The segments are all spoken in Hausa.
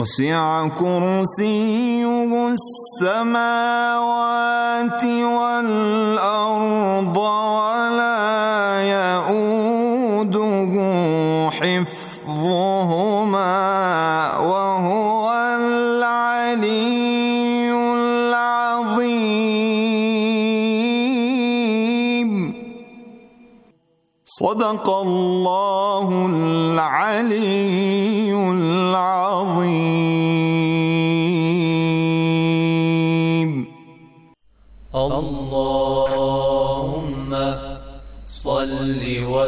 وسع كرسيه السماوات والأرض ولا يئوده حفظهما وهو العلي العظيم صدق الله العليم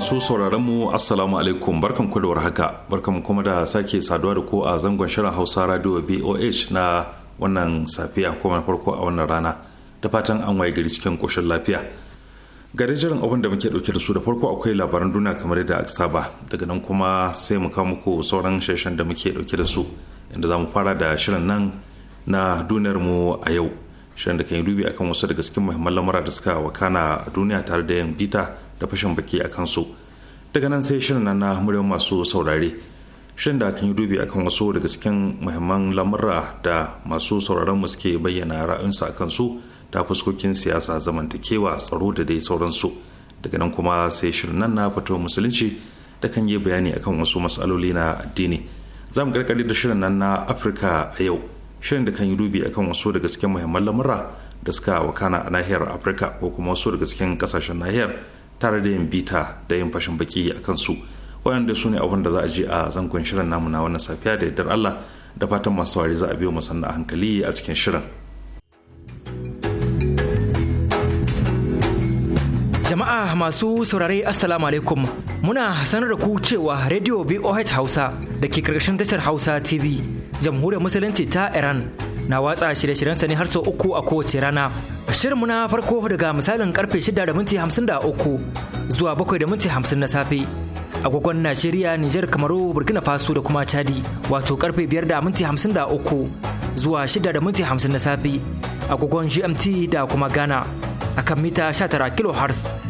masu sauraron mu assalamu alaikum barkan ku da warhaka barkan kuma da sake saduwa da ku a zangon shirin Hausa Radio VOH na wannan safiya kuma farko a wannan rana da fatan an waye gari cikin koshin lafiya gare jiran abin da muke dauke da su da farko akwai labaran duniya kamar yadda aka saba daga nan kuma sai mu kawo muku sauran sheshen da muke dauke da su inda zamu fara da shirin nan na duniyar mu a yau shirin da kan yi dubi akan wasu daga cikin muhimman lamura da suka wakana a duniya tare da yan bita da fashin baki a kansu daga nan sai shirin nan na muryar masu saurare shirin da kan yi dubi akan wasu daga cikin muhimman lamura da masu sauraron mu suke bayyana ra'ayinsu a kansu ta fuskokin siyasa zamantakewa tsaro da dai sauransu daga nan kuma sai shirin nan na fito musulunci da kan yi bayani akan wasu matsaloli na addini za mu karkare da shirin nan na afirka a yau shirin da kan yi dubi akan wasu daga cikin muhimman lamura da suka wakana a nahiyar afirka ko kuma wasu daga cikin kasashen nahiyar tare da yin bita da yin fashin baki a kansu waɗanda su ne abin da za a ji a zangon shirin namu na wannan safiya da yardar Allah da fatan masu wari za a biyo mu sannan hankali a cikin shirin. Jama'a masu saurare Assalamu alaikum muna sanar da ku cewa Radio VOH Hausa da ke karkashin tashar Hausa TV jamhuriyar musulunci ta Iran na watsa shirye-shiryensa ne har sau uku a kowace rana. Shirinmu na farko daga misalin karfe 6:53 zuwa 7:50 na safe. Agogon Najeriya, Nijar, Kamaru, Burkina Faso da kuma Chadi wato karfe 5:53 zuwa 6:50 na safe. Agogon GMT da kuma Ghana akan mita 19 kHz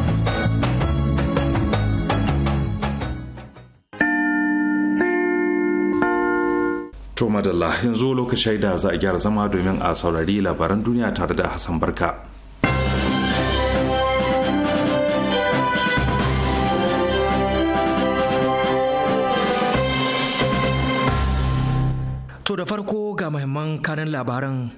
To madalla yanzu lokacin da za a gyara zama domin a saurari labaran duniya tare da Hassan Barka. To da farko ga mahimman kanin labaran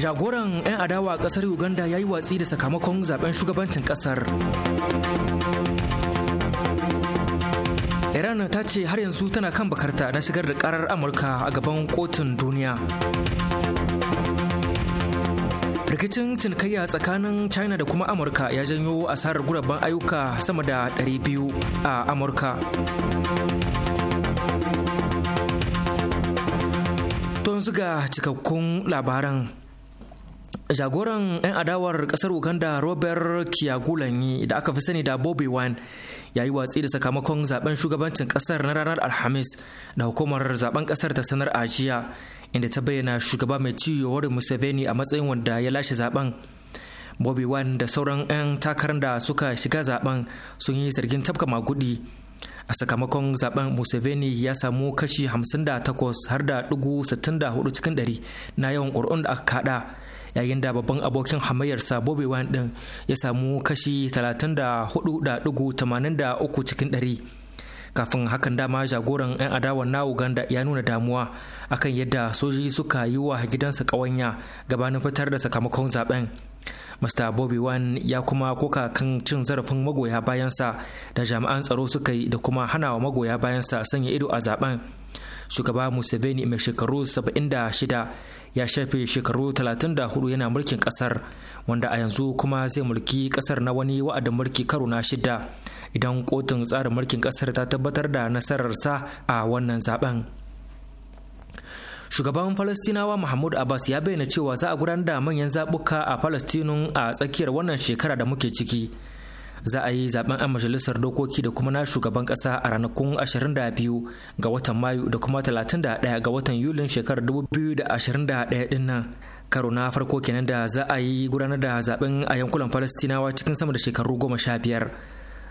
jagoran 'yan adawa kasar uganda ya yi watsi da sakamakon zaben shugabancin kasar iran ta ce har yanzu tana kan bakarta na shigar da karar amurka a gaban kotun duniya rikicin cinikayya tsakanin china da kuma amurka ya janyo asarar guraben ayyuka sama da 200 a amurka don zuga cikakkun labaran jagoran 'yan adawar kasar uganda robert kiyagulanyi da aka fi sani da bobby wine ya yi watsi da sakamakon zaben shugabancin kasar na ranar alhamis da hukumar zaben kasar ta sanar a jiya inda ta bayyana shugaba mai ciyo museveni a matsayin wanda ya lashe zaben bobby wine da sauran 'yan takarar da suka shiga zaben sun yi zargin tafka magudi a sakamakon zaben museveni ya samu kashi 58 har da 64 cikin 100 na yawan ƙuri'un da aka kada yayin da babban abokin hamayyarsa Bobi Wine din ya samu kashi 34.83 cikin ɗari. Kafin hakan dama jagoran 'yan adawan na Uganda ya nuna damuwa akan yadda sojoji suka yi wa gidansa kawanya gabanin fitar da sakamakon zaben. Mr. Bobby Wine ya kuma koka kan cin zarafin magoya bayansa da jami'an tsaro suka yi da kuma hanawa magoya bayansa sanya ido a zaben. Shugaba Museveni mai shekaru 76 ya shafe shekaru 34 yana mulkin kasar wanda a yanzu kuma zai mulki kasar na wani wa'adin mulki karo na shida idan kotun tsarin mulkin kasar ta tabbatar da nasararsa a wannan zaben shugaban falastinawa mahmud abbas ya bayyana cewa za a gudanar da manyan zabuka a falastinun a tsakiyar wannan shekara da muke ciki za a yi zaben a majalisar dokoki da kuma na shugaban kasa a ranakun 22 ga watan mayu da kuma 31 ga watan yulin shekarar 2021 din nan karo na farko kenan da za a yi gudanar da zaben a yankunan falastinawa cikin sama da shekaru goma sha biyar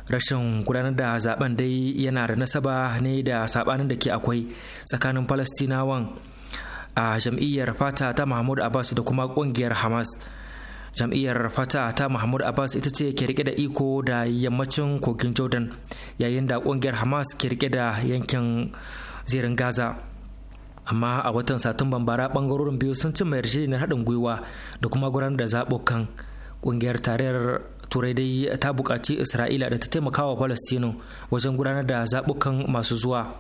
rashin gudanar da zaben dai yana da nasaba ne da sabanin da ke akwai tsakanin falastinawan a jam'iyyar fata ta mahmud abbas da kuma kungiyar hamas jam'iyyar fata ta mahmud abbas ita ce ke rike da iko da yammacin kogin jordan yayin da kungiyar hamas ke rike da yankin zirin gaza amma a watan satumban bara bangarorin biyu sun cimma yarjejeniyar haɗin gwiwa da kuma gudanar da zaɓukan kungiyar tarayyar turai dai ta buƙaci isra'ila da ta taimaka wa palestino wajen gudanar da zaɓukan masu zuwa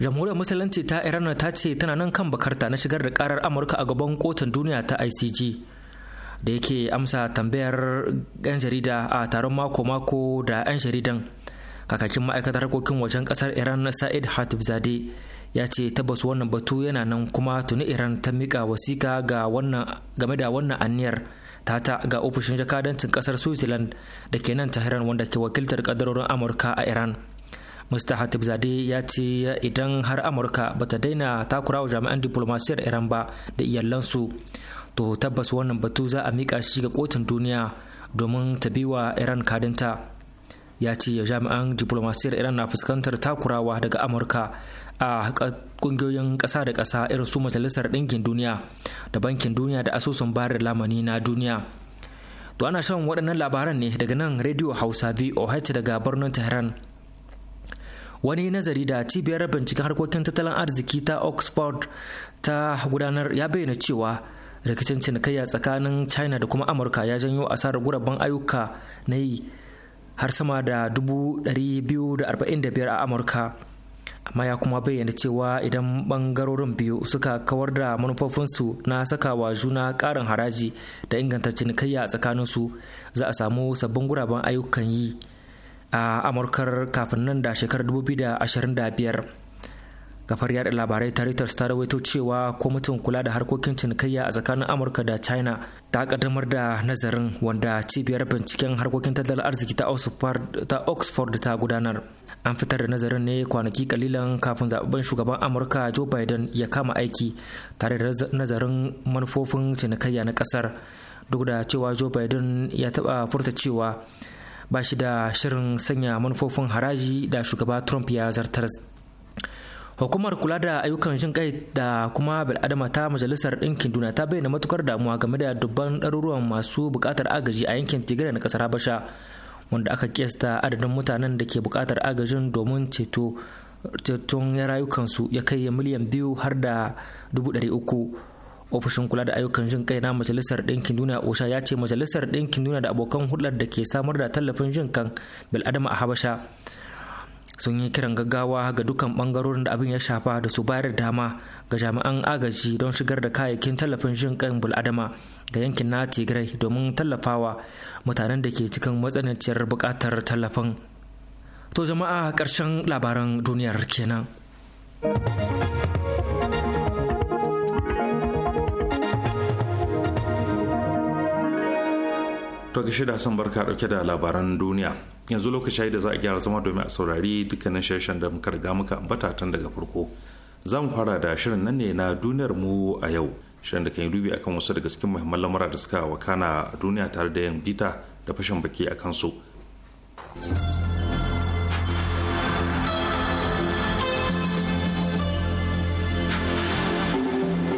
jamhuriyar musulunci ta iran ta ce tana nan kan bakarta na shigar da karar amurka a gaban kotun duniya ta icg da yake amsa tambayar 'yan jarida a taron mako-mako da 'yan jaridan kakakin ma'aikatar harkokin wajen kasar iran sa'id hatibzade ya ce tabbas wannan batu yana nan kuma tuni iran ta mika wasika game da wannan aniyar ta ga ofishin jakadancin kasar switzerland da ke nan tahiran wanda ke wakiltar kadarorin amurka a iran mr zade ya ce idan har amurka bata daina takurawa jami'an diplomasiyar iran ba da iyalansu to tabbas wannan batu za a mika shi ga kotun duniya domin ta bi wa iran kadinta ya ce jami'an diplomasiyar iran na fuskantar takurawa daga amurka a kungiyoyin ƙasa da ƙasa irin su majalisar ɗinkin duniya da bankin duniya da asusun bayar lamani na duniya to ana shan waɗannan labaran ne daga nan rediyo hausa voh daga birnin tehran wani nazari da cibiyar binciken harkokin tattalin arziki ta oxford ta gudanar ya bayyana cewa rikicin cinikayya tsakanin china da kuma amurka ya janyo asarar guraben ayyuka na yi har sama da 245 a amurka amma ya kuma bayyana cewa idan bangarorin biyu suka kawar da manufofinsu na sakawa juna karin haraji da inganta cinikayya a tsakaninsu za a samu sabbin guraben ayyukan yi a amurkar kafin nan da shekarar 2025 kafar yada labarai ta Reuters ta rawaito cewa kwamitin kula da harkokin cinikayya a tsakanin Amurka da China ta kaddamar da nazarin wanda cibiyar binciken harkokin tattalin arziki ta Oxford ta gudanar. An fitar da nazarin ne kwanaki kalilan kafin zaɓen shugaban Amurka Joe Biden ya kama aiki tare da nazarin manufofin cinikayya na ƙasar duk da cewa Joe Biden ya taɓa furta cewa ba shi da shirin sanya manufofin haraji da shugaba Trump ya zartar. hukumar kula da ayyukan jin kai da kuma bil'adama ta majalisar ɗinkin duniya ta bayyana matukar damuwa game da dubban ɗaruruwan masu buƙatar agaji a yankin tigray na ƙasar habasha wanda aka kiyasta adadin mutanen da ke buƙatar agajin domin ceto ceton rayukansu ya kai miliyan biyu har da dubu ɗari uku ofishin kula da ayyukan jin kai na majalisar ɗinkin duniya osha ya ce majalisar ɗinkin duniya da abokan hulɗar da ke samar da tallafin jin kan bil'adama a habasha sun yi kiran gaggawa ga dukkan bangarorin da abin ya shafa da su bayar da dama ga jami'an agaji don shigar da kayayyakin tallafin jin kan bul'adama ga yankin na tigray domin tallafawa mutanen da ke cikin matsananciyar buƙatar tallafin to jama'a ƙarshen labaran duniyar kenan to ga shida son barka dauke da labaran duniya yanzu lokaci da za a gyara zama domin a saurari dukkanin shirin da muka riga muka ambata tun daga farko za mu fara da shirin nan ne na duniyar mu a yau shirin da kan yi dubi akan wasu daga cikin muhimman lamura da suka wakana a duniya tare da yin bita da fashin baki a kansu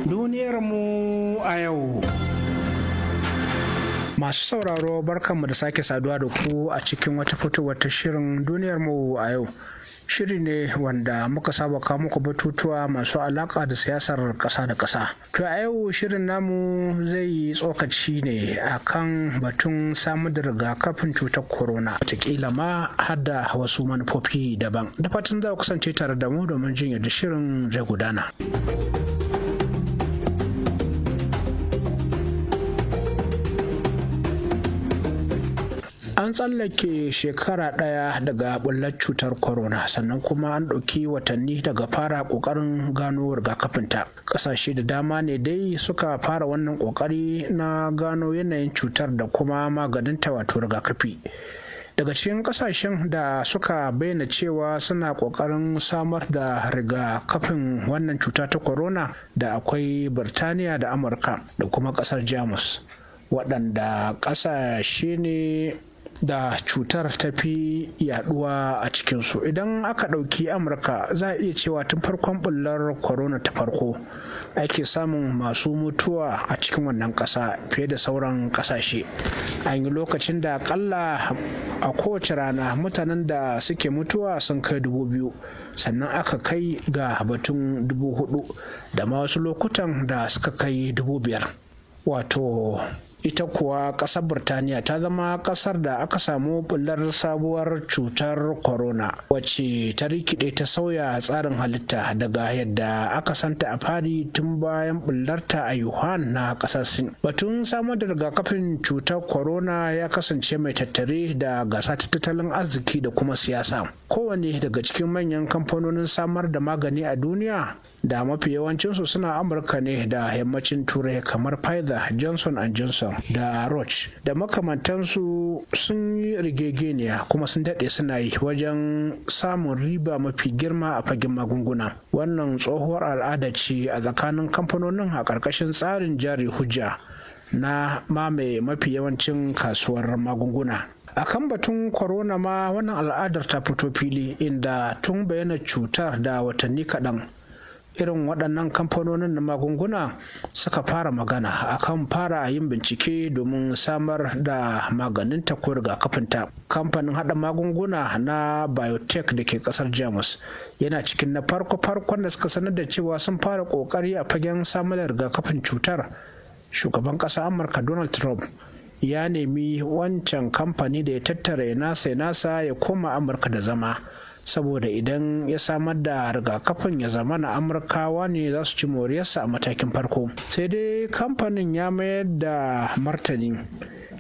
duniyar mu a yau Masu sauraro barkanmu da sake saduwa da ku a cikin wata fitowar ta shirin duniyar mu a yau. Shiri ne wanda muka saba kawo muku batutuwa masu alaƙa da siyasar ƙasa da ƙasa. To a yau shirin namu zai yi tsokaci ne akan batun samar da rigakafin cutar corona. Wataƙila ma har da wasu manufofi daban. Da fatan za ku kasance tare da mu domin jin da shirin zai gudana. tsallake shekara ɗaya daga bullar cutar corona sannan kuma an ɗauki watanni daga fara ƙoƙarin gano rigakafinta ƙasashe da dama ne dai suka fara wannan ƙoƙari na gano yanayin cutar da kuma maganinta wato rigakafi daga cikin ƙasashen da suka bayyana cewa suna ƙoƙarin samar da rigakafin wannan cuta ta corona da akwai birtaniya da amurka da kuma ƙasar jamus waɗanda ƙasashe ne da cutar ta fi yaduwa a cikinsu idan aka ɗauki amurka za a iya cewa tun farkon bullar corona ta farko ake samun masu mutuwa a cikin wannan ƙasa fiye da sauran ƙasashe an yi lokacin da akalla a kowace rana mutanen da suke mutuwa sun kai dubu biyu sannan aka kai ga batun dubu hudu da ma wasu lokutan da suka kai dubu biyar wato ita kuwa ƙasar birtaniya ta zama ƙasar da aka samu bullar sabuwar cutar corona wacce ta rikide ta sauya tsarin halitta daga yadda aka santa a fari tun bayan bullarta a yuhan na ƙasar sin batun samar da rigakafin cutar corona ya kasance mai tattare da gasa ta tattalin arziki da kuma siyasa kowane daga cikin manyan kamfanonin samar da magani a duniya da mafi yawancinsu suna amurka ne da yammacin turai kamar pfizer johnson johnson da Roch da makamantansu sun yi rigegeniya kuma sun daɗe suna yi wajen samun riba mafi girma a fagen magunguna. Wannan tsohuwar al'ada ce a tsakanin kamfanonin a ƙarƙashin tsarin jari hujja na mamaye mafi yawancin kasuwar magunguna. a kan batun korona ma wannan al'adar ta fito fili inda tun bayyana cutar da watanni kaɗan irin waɗannan kamfanonin na magunguna suka fara magana akan fara yin bincike domin samar da maganin ta ko rigakafinta kamfanin haɗa magunguna na biotech da ke ƙasar jamus yana cikin na farko-farkon da suka sanar da cewa sun fara ƙoƙari a fagen samar da rigakafin cutar shugaban ƙasa amurka donald trump ya nemi wancan kamfani da ya tattara ya nasa ya nasa ya koma amurka da zama saboda idan ya samar da rigakafin ya zama na amurkawa ne za su ci moriyarsa a matakin farko sai dai kamfanin ya mayar da martani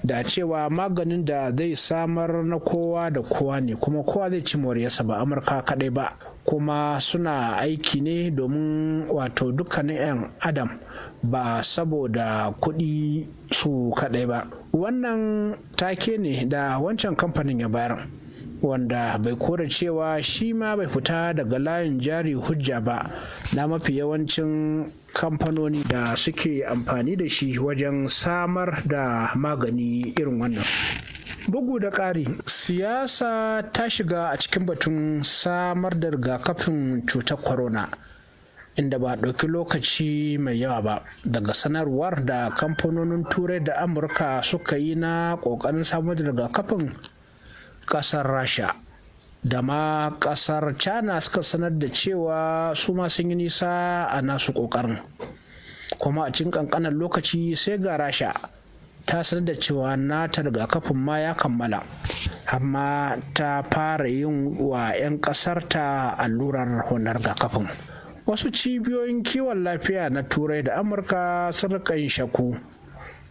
da cewa maganin da zai samar na kowa da kowa ne kuma kowa zai ci moriyarsa ba amurka kadai ba kuma suna aiki ne domin wato dukkanin 'yan adam ba saboda kuɗi su kadai ba wannan take ne da wancan kamfanin ya bayar wanda bai kore cewa shi ma bai fita daga layin jari hujja ba na mafi yawancin kamfanoni da suke amfani da shi wajen samar da magani irin wannan bugu da ƙari siyasa ta shiga a cikin batun samar da rigakafin cutar corona inda ba ɗauki lokaci mai yawa ba daga sanarwar da kamfanonin turai da amurka suka yi na ƙoƙarin samar da rigakafin ƙasar rasha da ma ƙasar china suka sanar da cewa su ma sun yi nisa a nasu ƙoƙarin kuma a cikin ƙanƙanar lokaci sai ga rasha ta sanar da cewa nata rigakafin ma ya kammala amma ta fara yin wa 'yan ƙasar ta allurar ga rigakafin wasu cibiyoyin kiwon lafiya na turai da amurka sun rika yin shaku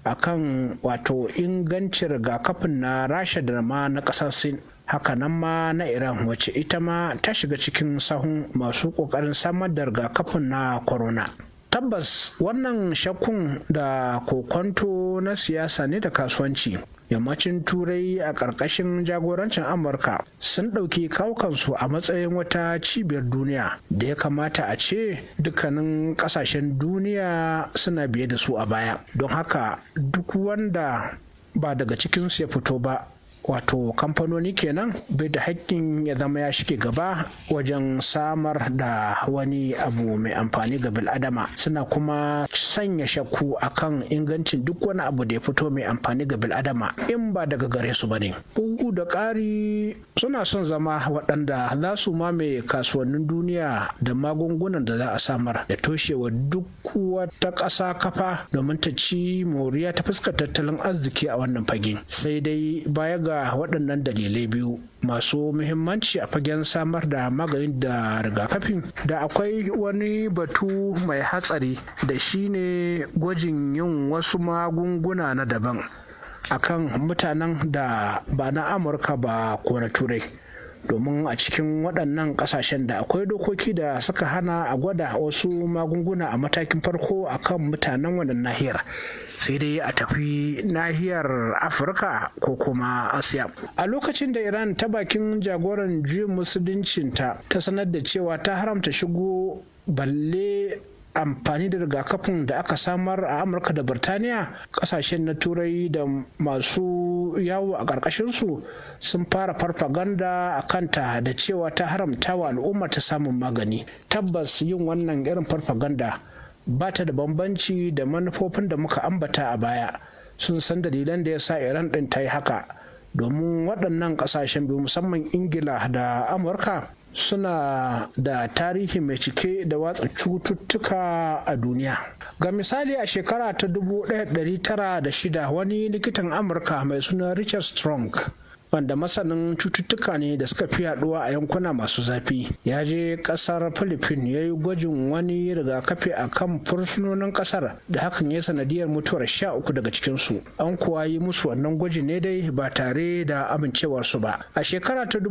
akan wato inganci rigakafin na rasha da ma na kasar sin hakanan ma na iran wacce ita ma ta shiga cikin sahun masu kokarin samar da rigakafin na corona tabbas wannan shakkun da kokonto na siyasa ne da kasuwanci yammacin turai a ƙarƙashin jagorancin amurka sun ɗauki kaukansu a matsayin wata cibiyar duniya da ya kamata a ce dukkanin ƙasashen duniya suna biye da su a baya don haka duk wanda ba daga cikinsu ya fito ba wato kamfanoni kenan bai da haƙƙin ya zama ya shige gaba wajen samar da wani abu mai amfani ga bil'adama suna kuma sanya shakku akan ingancin duk wani abu da ya fito mai amfani ga bil'adama in ba daga gare su ba ne bugu da ƙari suna son zama waɗanda za su mame kasuwannin duniya da magungunan da za a samar da toshewa duk wata ƙasa kafa domin ta ci moriya ta fuskar tattalin arziki a wannan fage sai dai baya ga ga waɗannan dalilai biyu masu muhimmanci a fagen samar da maganin da rigakafin, da akwai wani batu mai hatsari da shine gwajin yin wasu magunguna na daban akan mutanen da ba na amurka ba ko na turai domin a cikin waɗannan ƙasashen da akwai dokoki da suka hana a gwada wasu magunguna a matakin farko a kan mutanen wannan nahiyar sai dai a tafi nahiyar afirka ko kuma asiya a lokacin da iran ta bakin jagoran juyin musuluncinta ta sanar da cewa ta haramta shigo balle amfani da rigakafin da aka samar a amurka da birtaniya kasashen na turai da masu yawo a ƙarƙashinsu sun fara farfaganda a kanta da cewa ta haramta wa al'ummar ta samun magani tabbas yin wannan irin farfaganda ba ta da bambanci da manufofin da muka ambata a baya sun san dalilan da ya sa iran ɗin ta yi haka domin waɗannan ƙasashen biyu musamman ingila da amurka suna da tarihi mai cike da watsa cututtuka a duniya. Ga misali a shekara ta 1906 wani likitan Amurka mai suna Richard Strong wanda masanin cututtuka ne da suka fi yaduwa a yankuna masu zafi ya je kasar philippines ya yi gwajin wani rigakafi a kan fursunonin kasar da hakan ya sanadiyar mutuwar sha uku daga cikinsu an kuwa yi musu wannan gwaji ne dai ba tare da amincewarsu ba a shekara ta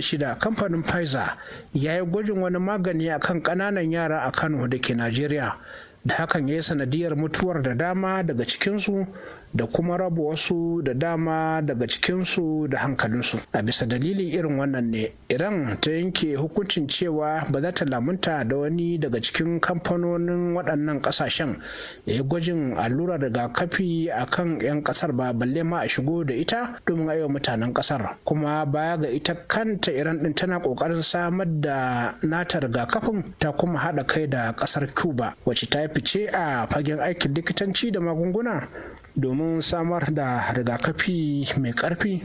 shida, kamfanin pfizer ya yi gwajin wani magani a kan ƙananan yara a kano da ke najeriya da hakan ya yi sanadiyar mutuwar da dama daga cikinsu da kuma raba wasu da dama daga cikinsu da hankalinsu a bisa dalilin irin wannan ne iran ta yanke hukuncin cewa ba za ta lamunta da wani daga cikin kamfanonin waɗannan ƙasashen ya gwajin allurar rigakafi a kan 'yan ƙasar ba balle ma a shigo da ita domin aiwa mutanen ƙasar kuma baya ga ita kanta iran ɗin tana ƙoƙarin samar da nata rigakafin ta kuma haɗa kai da ƙasar cuba wacce ta fice a fagen aikin likitanci da magunguna domin samar da rigakafi mai ƙarfi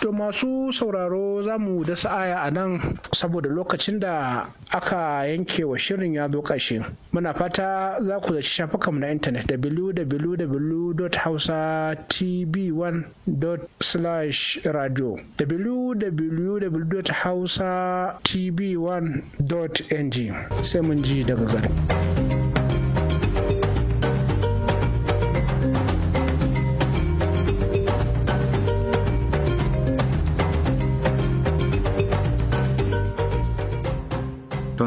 to masu sauraro za mu da aya a nan saboda lokacin da aka yanke wa shirin ya zo ƙarshe muna fata za ku zaci shafukan na intanet www.hausatv1.radio www.hausatv1.ng sai mun ji daga gari.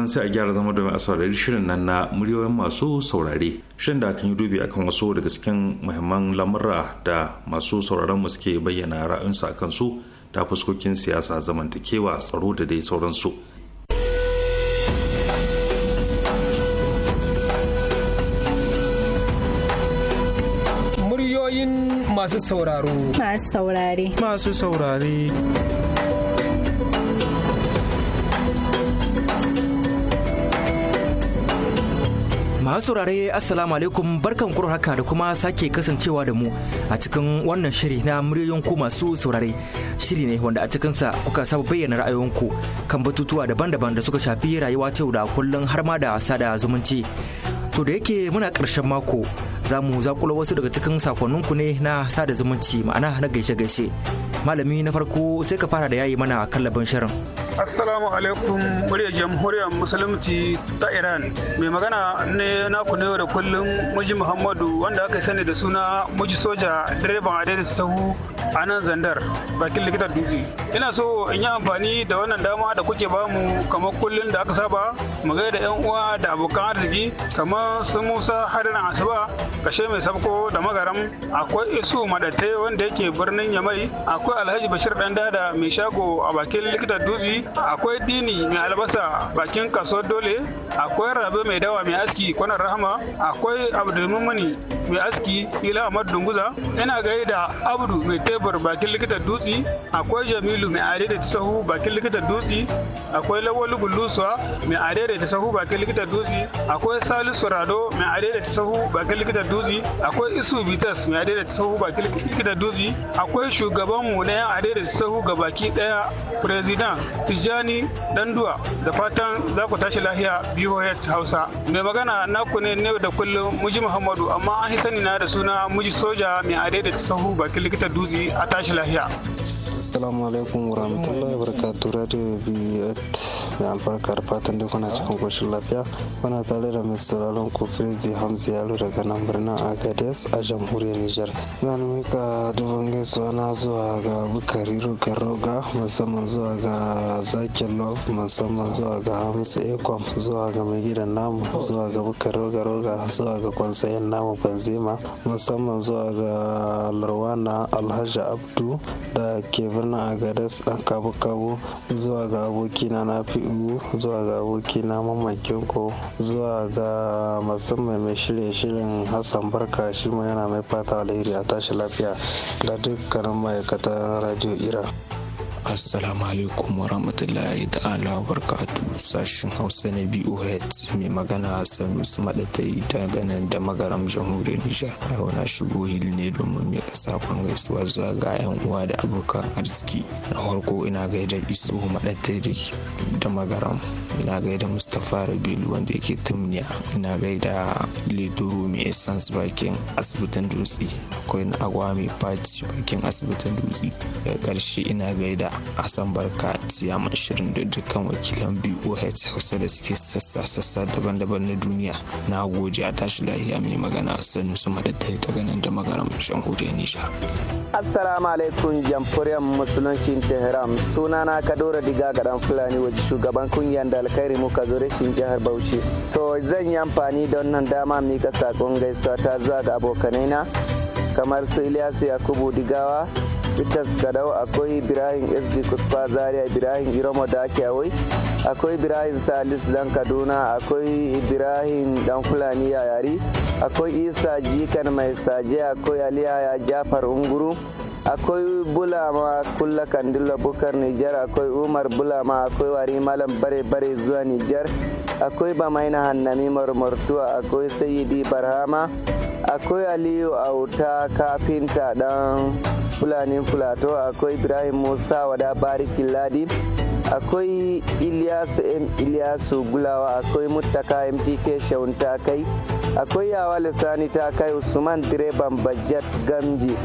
yanzu sai a gyara zama domin a saurari shirin nan na muryoyin masu saurare shirin da kan yi dubi akan wasu daga cikin muhimman lamura da masu sauraron mu suke bayyana ra'ayinsu akan su da fuskokin siyasa zamantakewa tsaro da dai sauransu muryoyin masu sauraro masu saurare masu saurare Masu saurare Assalamu alaikum barkan kuro haka da kuma sake kasancewa da mu a cikin wannan shiri na muryoyin ku masu saurare. Shiri ne wanda a cikinsa kuka saba bayyana ra'ayoyinku kan batutuwa daban-daban da suka shafi rayuwa ta da kullum har ma da sada zumunci. To da yake muna ƙarshen mako za mu zakula wasu daga cikin ku ne na sada zumunci ma'ana na gaishe-gaishe. Malami na farko sai ka fara da yayi mana kallabin shirin. Assalamu alaikum muryar jamhuriyar musulunci ta Iran. Mai magana ne na ne da kullum Muji Muhammadu wanda aka sani da suna Muji Soja direban Adadis Sahu a nan Zandar bakin likitar Dutse. Ina so in yi amfani da wannan dama da kuke bamu kamar kullum da aka saba mu da yan uwa da abokan arziki kamar su Musa Harin Asuba kashe mai sabko da magaram akwai Isu Madatai wanda yake birnin Yamai akwai Alhaji Bashir Dandada mai shago a bakin likitar Dutse akwai Dini mai albasa bakin kaso dole akwai Rabe mai dawa mai aski kwanar rahama akwai Abdulmumani mai aski ila Ahmad Dunguza ina da Abdu mai tebur bakin likita dutse akwai Jamilu mai are da sahu bakin likita dutse akwai Lawal Gullusuwa mai are da sahu bakin likita dutse akwai Salisu Rado mai are da sahu bakin likita dutse akwai Isu Bitas mai are da sahu bakin likita dutse akwai shugabanmu na yan are da sahu gabaki daya president Tijjani Danduwa da fatan za ku tashi lahiya BOH Hausa. Mai magana naku ne ne da kullum Muji Muhammadu amma an sani na da suna Muji Soja mai adai da sahu bakin likita dutse a tashi lahiya. assalamu alaikum wa rahmatullahi wa barakatuh radio biyat mai albarkar fatan da kuna cikin koshin lafiya kuna tare da mr sauraron ku crazy hamza yalo daga nan birnin Agadez a jamhuriyar nijar zan mika dubban gaisuwa na zuwa ga bukari rogar roga musamman zuwa ga zakin love musamman zuwa ga hamsa ekom zuwa ga mai namu zuwa ga bukari roga roga zuwa ga kwansayen namu banzema musamman zuwa ga larwana alhaji abdu da kevin birnin agadas dan kabo-kabo zuwa ga abokina na fi'u zuwa ga abokina mamakin ko zuwa ga musamman mai shirye-shiryen hassan barka shi ma yana mai fata alheri a tashi lafiya da dukkanin ma'aikatan radio ira assalamu alaikum warahmatullahi ta'ala barkatu sashen hausa na boh mai magana sanusi maɗatai ta ganin da magaram jamhuriyar nijar yau na shigo hili ne domin mai sakon gaisuwa zuwa ga yan uwa da abokan arziki na farko ina gaida isu maɗatai da magaram ina gaida mustapha rabilu wanda yake tumniya ina gaida leduru mai essence bakin asibitin dutse akwai na agwa mai faci bakin asibitin dutse daga ƙarshe ina gaida hassan barka tiyaman shirin da dukkan wakilan boh hausa da suke sassa sassa daban-daban na duniya na gode a tashi lahiya mai magana sanu su madaddai ta ganin da magaram shan hudu nisha assalamu alaikum jamhuriyar musuluncin tehran sunana kadora diga ga dan fulani waje shugaban kungiyar da alkhairi muka zo rashin jihar bauchi to zan yi amfani da wannan dama mika sakon gaisuwa ta zuwa ga abokanai na kamar su ilyasu yakubu digawa itas gadau akwai ibrahim sd kusfa zaria ibrahim iromo da awai akwai ibrahim salis dan kaduna akwai ibrahim dan fulani yayari akwai isa jikan mai saje akwai aliya ya jafar unguru akwai bulama kulla kandila bukar nijar akwai umar bulama akwai wari malam bare bare zuwa nijar akwai bamaina hannami marmartuwa akwai sayidi barhama akwai aliyu auta kafinta dan fulanin fulato akwai ibrahim musa wada barikin ladi akwai iliyasu m iliyasu gulawa akwai mutaka mtk shaun takai akwai yawa lissani takai usman direban bajet gamji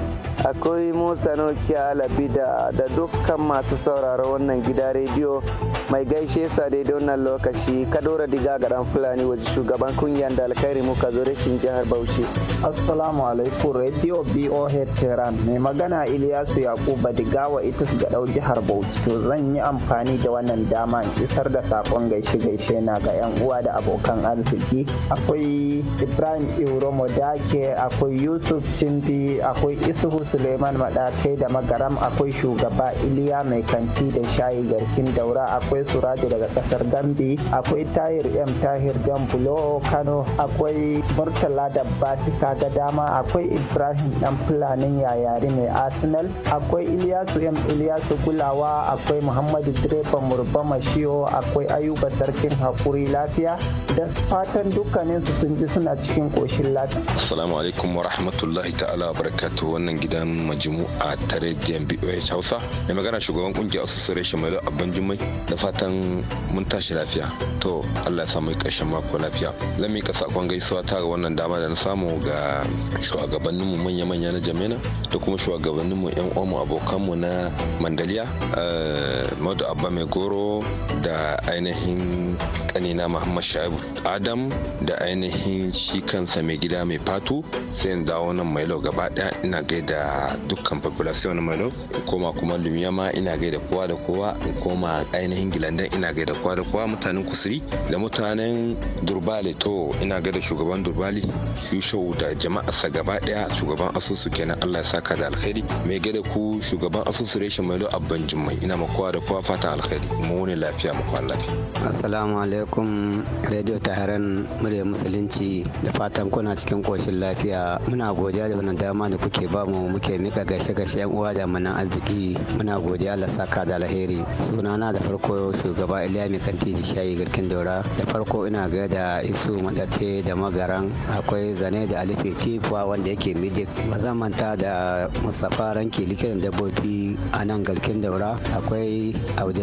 akwai musa nokiya labida da dukkan masu sauraro wannan gida rediyo mai gaishe sa daidai wannan lokaci ka dora diga ga dan fulani waje shugaban kungiyar da alkhairi muka zo rashin jihar bauchi assalamu alaikum radio boh tehran mai magana iliyasu yakuba digawa ita ga dau jihar bauchi to zan yi amfani da wannan dama in isar da sakon gaishe gaishe na ga yan uwa da abokan arziki akwai ibrahim iromo dake akwai yusuf cimbi akwai isuhu suleiman maɗatai da magaram akwai shugaba iliya mai kanti da shayi garkin daura akwai suraji daga ƙasar gambi akwai tahir m tahir jan bulo kano akwai murtala da batika da dama akwai ibrahim dan fulanin yayari mai arsenal akwai iliyasu m iliyasu gulawa akwai muhammadu direban murba mashiyo akwai ayuba sarkin hakuri lafiya da fatan dukkaninsu sun ji suna cikin koshin lafiya assalamu alaikum wa rahmatullahi ta'ala barakata wannan gida dan majimu'a ta rediyon bos Hausa. Da magana shugaban kungiyar Association Mai Abban Jummai da fatan mun tashi lafiya. To Allah ya samu ƙarshen mako lafiya. Zan miƙa sakon gaisuwa ta ga wannan dama da na samu ga shugabanninmu manya-manya na Jamena da kuma shugabanninmu 'yan uwanmu mu na Mandaliya. Eh, Madu Abba Mai Goro da ainihin kanina Muhammad Shaibu Adam da ainihin shi kansa mai gida mai fatu sai in dawo nan mai lau gaba ɗaya ina gaida dukkan population na Malo in koma kuma Lumiya ma ina gaida kowa da kowa in koma ainihin Gilandan ina gaida kowa da kowa mutanen Kusuri da mutanen Durbali to ina gaida shugaban Durbali Yushau da sa gaba daya shugaban asusu kenan Allah ya saka da alkhairi mai gaida ku shugaban asusu reshen Malo Abban Jummai ina ma kowa da kowa fatan alkhairi mu ne lafiya mu kwan lafiya Assalamu alaikum Radio Taharan murya musulunci da fatan kuna cikin koshin lafiya muna godiya da wannan dama da kuke ba mu muke mika gashe gashe yan uwa da manan arziki muna godiya Allah saka da alheri sunana da farko shugaba Iliya mai kanti da shayi garkin daura da farko ina ga da isu madatte da magaran akwai zane da alife tifuwa wanda yake midik bazan manta da Mustapha Ranki likitan dabbobi a nan garkin daura akwai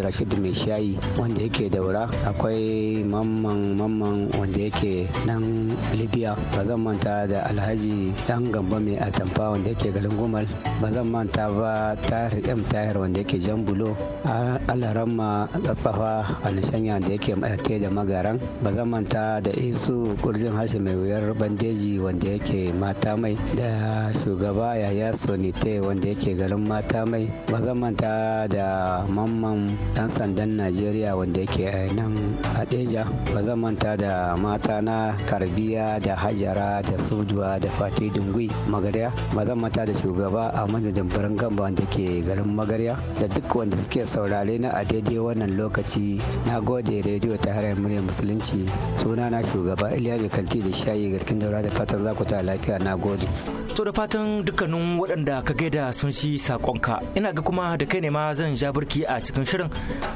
Rashid mai shayi wanda yake daura akwai mamman mamman wanda yake nan Libya bazan manta da Alhaji dan gamba mai atamfa wanda yake garin gomal ba zan manta ba tayar m tayar wanda yake jan bulo alaramma tsatsafa a nishanya da yake mayate da magaran ba zan manta da isu kurjin hashe mai wuyar bandeji wanda yake mata mai da shugaba yaya sonite wanda yake garin mata mai ba zan manta da mamman dan sandan najeriya wanda yake nan hadeja ba zan manta da mata na karbiya da hajara da suduwa da fati dungui Magariya. ba zan manta da shugaba shugaba manajan birnin Gamba da ke garin Magarya da duk wanda suke saurare na a daidai wannan lokaci na gode rediyo ta harar murya musulunci suna na shugaba Iliya kanti da shayi garkin daura da fatan za ku ta lafiya na gode. To da fatan dukkanin waɗanda ka gaida sun ci sakonka ina ga kuma da kai ne ma zan ja birki a cikin shirin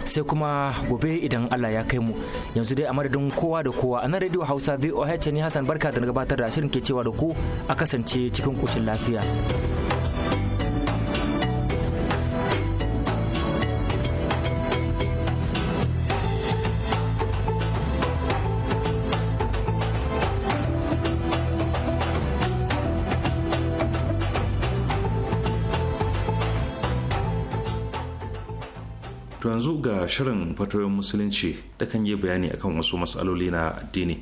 sai kuma gobe idan Allah ya kai mu yanzu dai a madadin kowa da kowa a nan rediyo Hausa VOH ne hasan barka da na gabatar da shirin ke cewa da ku a kasance cikin koshin lafiya. to yanzu ga shirin fatoyin musulunci da kan yi bayani akan wasu matsaloli na addini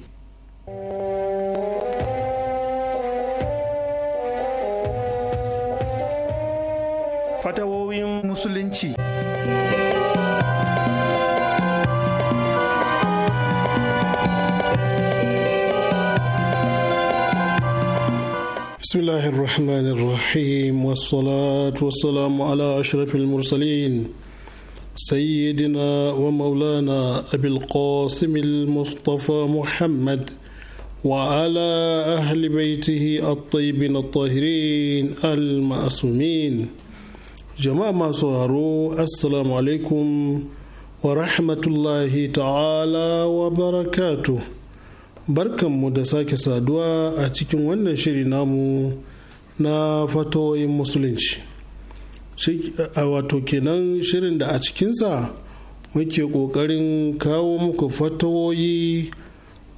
fatawoyin musulunci بسم الله الرحمن الرحيم والصلاة والسلام على أشرف المرسلين سيدنا ومولانا أبي القاسم المصطفى محمد وعلى أهل بيته الطيبين الطاهرين المعصومين جماعة صهروا السلام عليكم ورحمة الله تعالى وبركاته barkanmu da sake saduwa a cikin wannan shiri namu na fatoyin musulunci a wato kenan shirin da a cikinsa muke ƙoƙarin kawo muku fatawoyi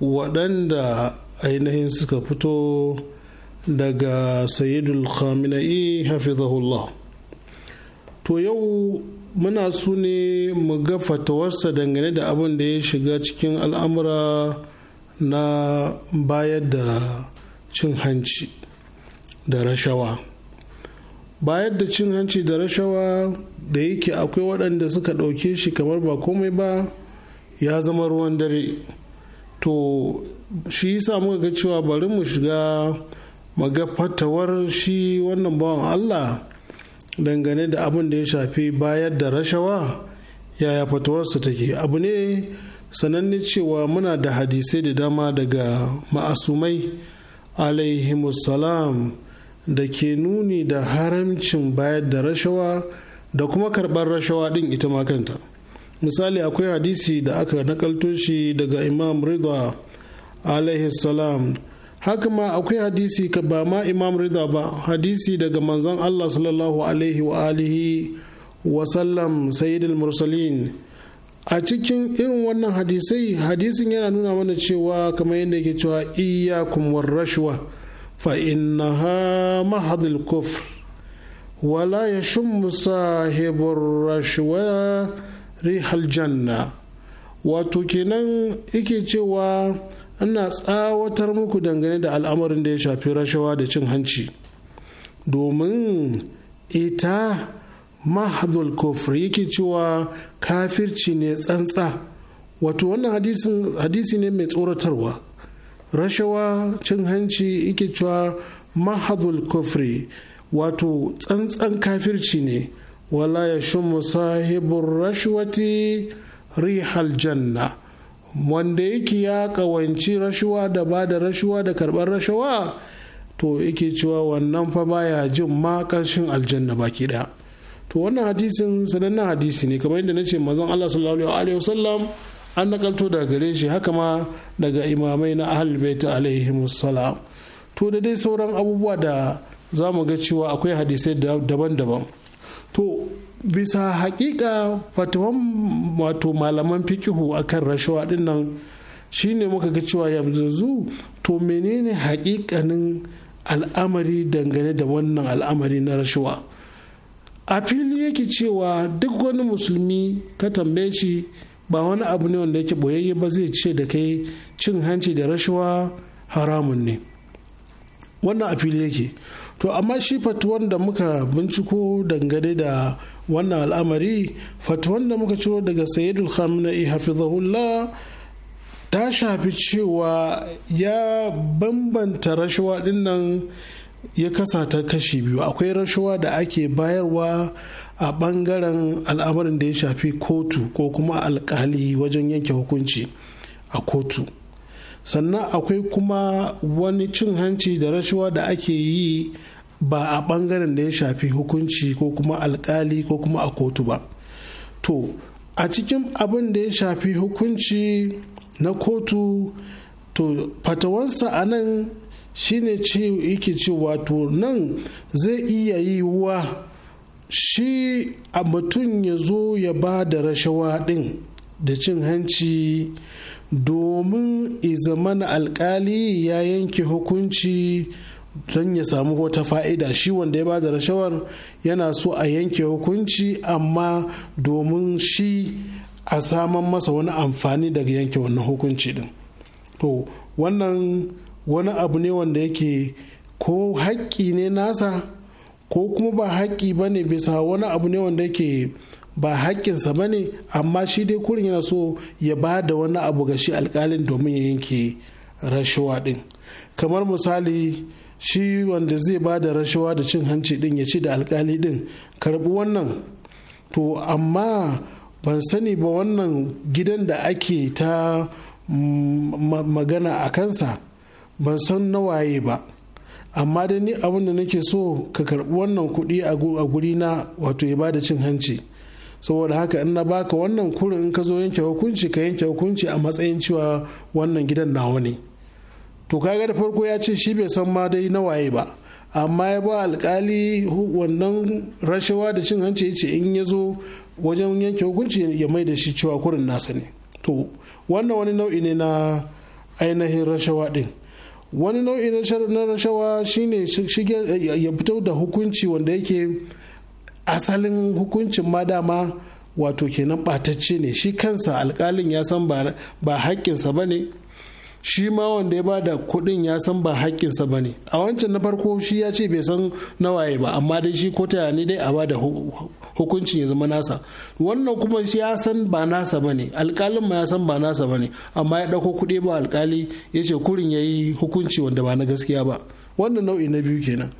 waɗanda ainihin suka fito daga sayidul khamenei hafizahullah to yau muna su ne mu ga fatawarsa dangane da abin da ya shiga cikin al'amura na bayar da cin hanci da rashawa bayar da cin hanci da rashawa da yake akwai waɗanda suka ɗauke shi kamar ba komai ba ya zama ruwan dare to shi yasa muka ga cewa bari mu shiga magafatawar shi wannan bawan allah dangane da abin da ya shafi bayar da rashawa yaya fatawarsa take abu ne sananne cewa muna da hadisai da dama daga ma'asumai alaihimussalam salam da ke nuni da haramcin bayar da rashawa da kuma karɓar rashawa din ita ma kanta misali akwai hadisi da aka nakalto shi daga imam rida alaihi salam haka ma akwai hadisi ka ba ma imam rida ba hadisi daga manzon allah sallallahu alaihi wa alihi wa sallam sayyidul mursalin a cikin irin wannan hadisai hadisin yana nuna mana cewa kamar yadda yake cewa iyakum war rashwa فإنها محض الكفر ولا يشم haljanna, wato kenan الجنة وتكنن إكتشوا ina tsawatar muku dangane da al'amarin da ya shafi rashawa da cin hanci domin ita mahadul kufr yake cewa kafirci ne tsantsa wato wannan hadisi ne mai tsoratarwa rashawa cin hanci ike cewa mahadul kufri wato tsantsan kafirci ne wala ya shi sahibin rashwati rihal janna wanda yake ya kawanci rashuwa da ba da rashuwa da karbar rashawa to yake cewa wannan fa baya jin ma ƙarshen aljanna baki ɗaya to wannan hadisin sanannen hadisi ne kamar yadda na ce mazan allah sallallahu alaihi wasallam an nakalto daga gare shi haka ma daga imamai na ahlul baita alaihi salam to da dai sauran abubuwa da za mu ga cewa akwai hadisai daban-daban to bisa hakika fatawan wato malaman fikihu akan rashawa din nan shine muka ga cewa yanzu to menene hakikanin al'amari dangane da wannan al'amari na rashawa a fili yake cewa duk wani musulmi ka tambaye shi ba wani abu ne wanda yake boyayye ba zai ce da kai cin hanci da rashawa haramun ne wannan a fili yake to amma shi fatuwan da muka binciko dangane da wannan al'amari fatuwan da muka ciro daga sayyidul khamenei hafizahullah ta shafi cewa ya bambanta rashawa dinnan ya kasa ta kashi biyu akwai rashawa da ake bayarwa a ɓangaren al'amarin da ya shafi kotu ko kuma alkali wajen yanke hukunci a kotu sannan akwai kuma wani cin hanci da rashuwa da ake yi ba a ɓangaren da ya shafi hukunci ko kuma alkali ko kuma a kotu ba to a cikin abin da ya shafi hukunci na kotu to fatawansa a nan shine yake cewa to nan zai iya yiwuwa shi a mutum ya zo ya ba da rashawa ɗin da cin hanci domin izamana alkali ya yanke hukunci don ya samu wata fa'ida shi wanda ya ba da rashawar yana so a yanke hukunci amma domin shi a saman masa wani amfani daga yanke wannan hukunci din to wannan wani abu ne wanda yake ko haƙƙi ne nasa ko kuma ba haƙƙi ba ne bisa wani abu ne wanda yake ba haƙƙinsa ba ne amma shi dai kurin yana so ya ba da wani abu ga shi alƙalin domin ya yanke rashawa ɗin kamar misali shi wanda zai ba da rashawa da cin hanci ɗin ya ci da alƙali ɗin karɓi wannan to amma ban sani ba wannan gidan da ake ta mm, magana a kansa ban san nawaye ba amma da ni abin da nake so ka karbi wannan kuɗi a guri na wato ya bada cin hanci saboda haka in na baka wannan kurin in ka zo yanke hukunci ka yanke hukunci a matsayin cewa wannan gidan nawa ne to kaga da farko ya ce shi bai san ma dai na waye ba amma ya ba alkali wannan rashawa da cin hanci ya ce in ya zo wajen yanke hukunci ya mai da shi cewa kurin nasa ne to wannan wani nau'i ne na ainihin rashawa din wani nau'i na rashawa shine ya fito da hukunci wanda yake asalin hukuncin ma dama wato kenan ɓatacce ne shi kansa alkalin ya san ba haƙƙinsa ba ne shi ma wanda ya bada kuɗin ya san ba haƙƙinsa ba ne a wancan na farko shi ya ce bai san nawaye ba amma dai shi ko ta ne dai a bada hukuncin ya zama nasa wannan kuma shi ya san ba nasa ba ne alƙalin ma ya san ba nasa ba ne amma ya ɗauko kuɗi ba alƙali ya ce kurin ya yi hukunci wanda ba na gaskiya ba wannan nau'i na biyu kenan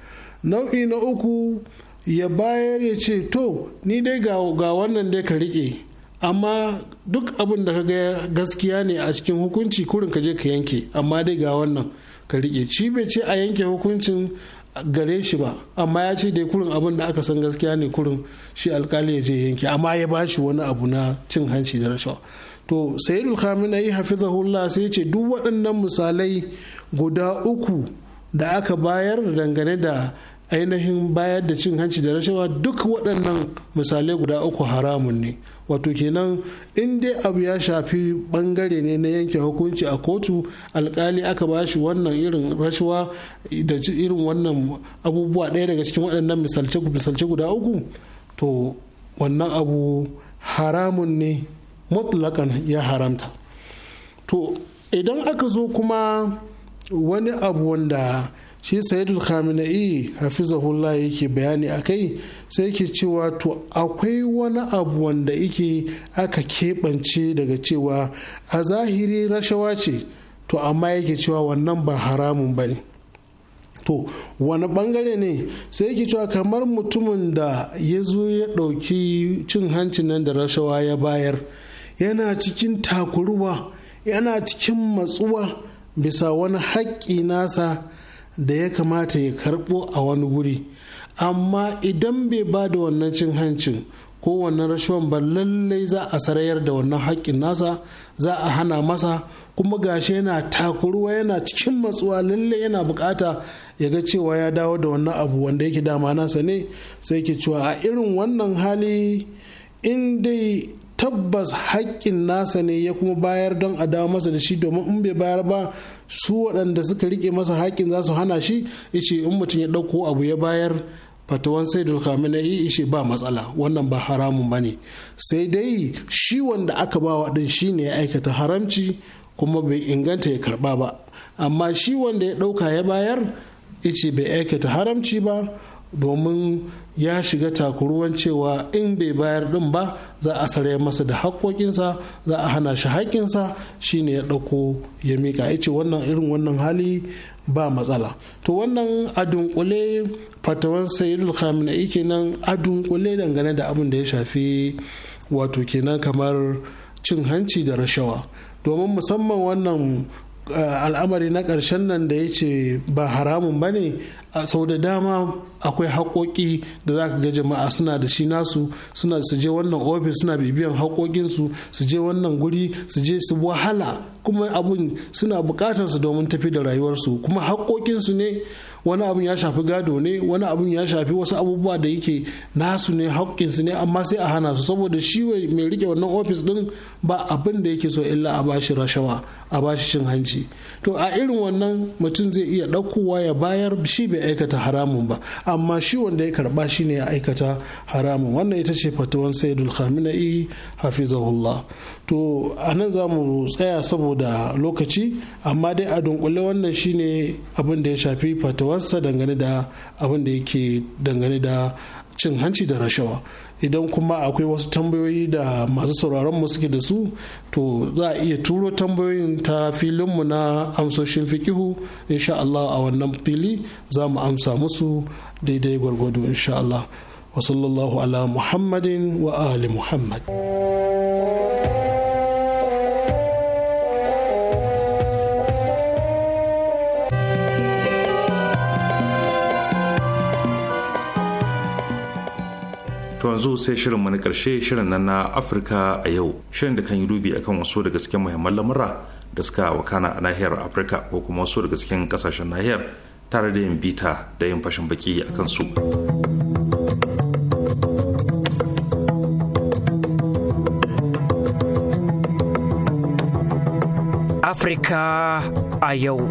nau'i na uku ya bayar ya ce to ni dai ga wannan dai ka riƙe amma duk abin da ga gaskiya ne a cikin hukunci kurin ka je ka yanke amma dai ga wannan ka rike shi bai ce a yanke hukuncin gare shi ba amma ya ce dai kurin abin da aka san gaskiya ne kurin shi alkali ya je yanke amma ya ba shi wani abu na cin hanci da rashawa to sayyidul khamenei hafizahullah sai ce duk waɗannan misalai guda uku da aka bayar dangane da ainihin bayar da cin hanci da rashawa duk waɗannan misalai guda uku haramun ne wato kenan in dai abu ya shafi bangare ne na yanke hukunci a kotu alkali aka ba shi wannan irin rashuwa da irin wannan abubuwa ɗaya daga cikin waɗannan misalce guda uku to wannan abu haramun ne mutlakan ya haramta to idan aka zo kuma wani abu wanda shi sayyidul khamenei hafizahullah yake bayani a kai sai yake cewa to akwai wani abu wanda yake aka keɓance daga cewa a zahiri rashawa ce to amma yake cewa wannan ba haramun ba ne to wani bangare ne sai yake cewa kamar mutumin da ya zo ya ɗauki cin hanci nan da rashawa ya bayar yana cikin takuruwa yana cikin matsuwa bisa wani haƙƙi nasa da ya kamata ya karɓo a wani guri amma idan bai ba da wannan cin hancin ko wannan rashuwan ba lallai za a sarayar da wannan haƙƙin nasa za a hana masa kuma gashi yana takuruwa yana cikin matsuwa lallai yana bukata ya ga cewa ya dawo da wannan abu wanda yake dama nasa ne sai ke cewa a irin wannan hali in dai tabbas haƙƙin nasa ne ya kuma bayar don a dawo masa da shi domin in bai bayar ba su waɗanda suka riƙe masa haƙƙin za su hana shi ishe in mutum ya ɗauko abu ya bayar fatawan saidul yi ishe ba matsala wannan ba haramun ba ne sai dai shi wanda aka bawa ɗin shi ne ya aikata haramci kuma bai inganta ya karɓa ba amma shi wanda ya ɗauka ya bayar ice bai aikata haramci ba domin ya shiga takuruwan cewa in bai bayar din ba za a sare masa da haƙoƙinsa za a hana shi shi shine ya ɗauko ya miƙa ya ce wannan irin wannan hali ba matsala to wannan a dunkule fatawan sayyidul khamenei kenan a dangane da abin da ya shafi wato kenan kamar cin hanci da rashawa domin musamman wannan eh, al'amari na ƙarshen nan da ya ce ba haramun ba ne sau da dama akwai haƙoƙi da za ka ga jama'a suna da shi nasu suna su je wannan ofis suna bibiyan haƙoƙinsu su je wannan guri su je su wahala kuma abun suna buƙatar su domin tafi da rayuwarsu kuma haƙoƙinsu ne wani abun ya shafi gado ne wani abun ya shafi wasu abubuwa da yake nasu ne haƙƙinsu ne amma sai a hana su saboda shi mai rike wannan ofis din ba abin da yake so illa a bashi rashawa a bashi cin hanci to a irin wannan mutum zai iya ɗaukowa ya bayar shi bai aikata haramun ba amma shi wanda ya karba shi ne ya aikata haramun wannan ita ce fatawan sayyidul khamina'i hafizahullah to a nan za mu tsaya saboda lokaci amma dai a dunkule wannan shine abin da ya shafi fatawarsa dangane da abin da yake dangane da cin hanci da rashawa idan kuma akwai wasu tambayoyi da masu sauraron mu suke da su to za a iya turo tambayoyin ta filinmu na amsoshin fikihu insha Allah a wannan fili za mu amsa musu daidai gwargwado insha Allah wa sallallahu ala muhammadin wa ali muhammad to yanzu sai shirin mu na karshe shirin nan na afirka a yau shirin da kan yi dubi akan wasu daga cikin muhimman lamura da suka wakana a nahiyar afirka ko kuma wasu daga cikin kasashen nahiyar tare da yin bita da yin fashin baki a kansu afirka a yau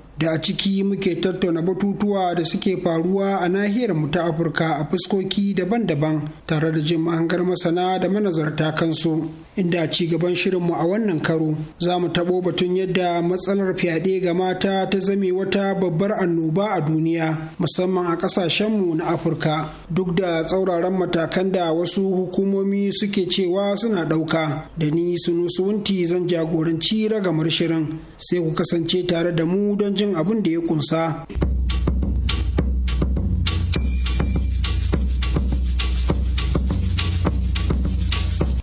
da a ciki muke tattauna batutuwa da suke faruwa a nahiyar mu ta Afirka a fuskoki daban-daban tare da jin mahangar masana da manazarta kansu. Inda a ci gaban shirinmu a wannan karo za mu tabo batun yadda matsalar fyaɗe ga mata ta zame wata babbar annoba a duniya musamman a ƙasashenmu na Afirka duk da tsauraran matakan da wasu hukumomi suke cewa suna ɗauka da ni sunusunti zan jagoranci ragamar shirin sai ku kasance tare da mu don jin abin da ya kunsa.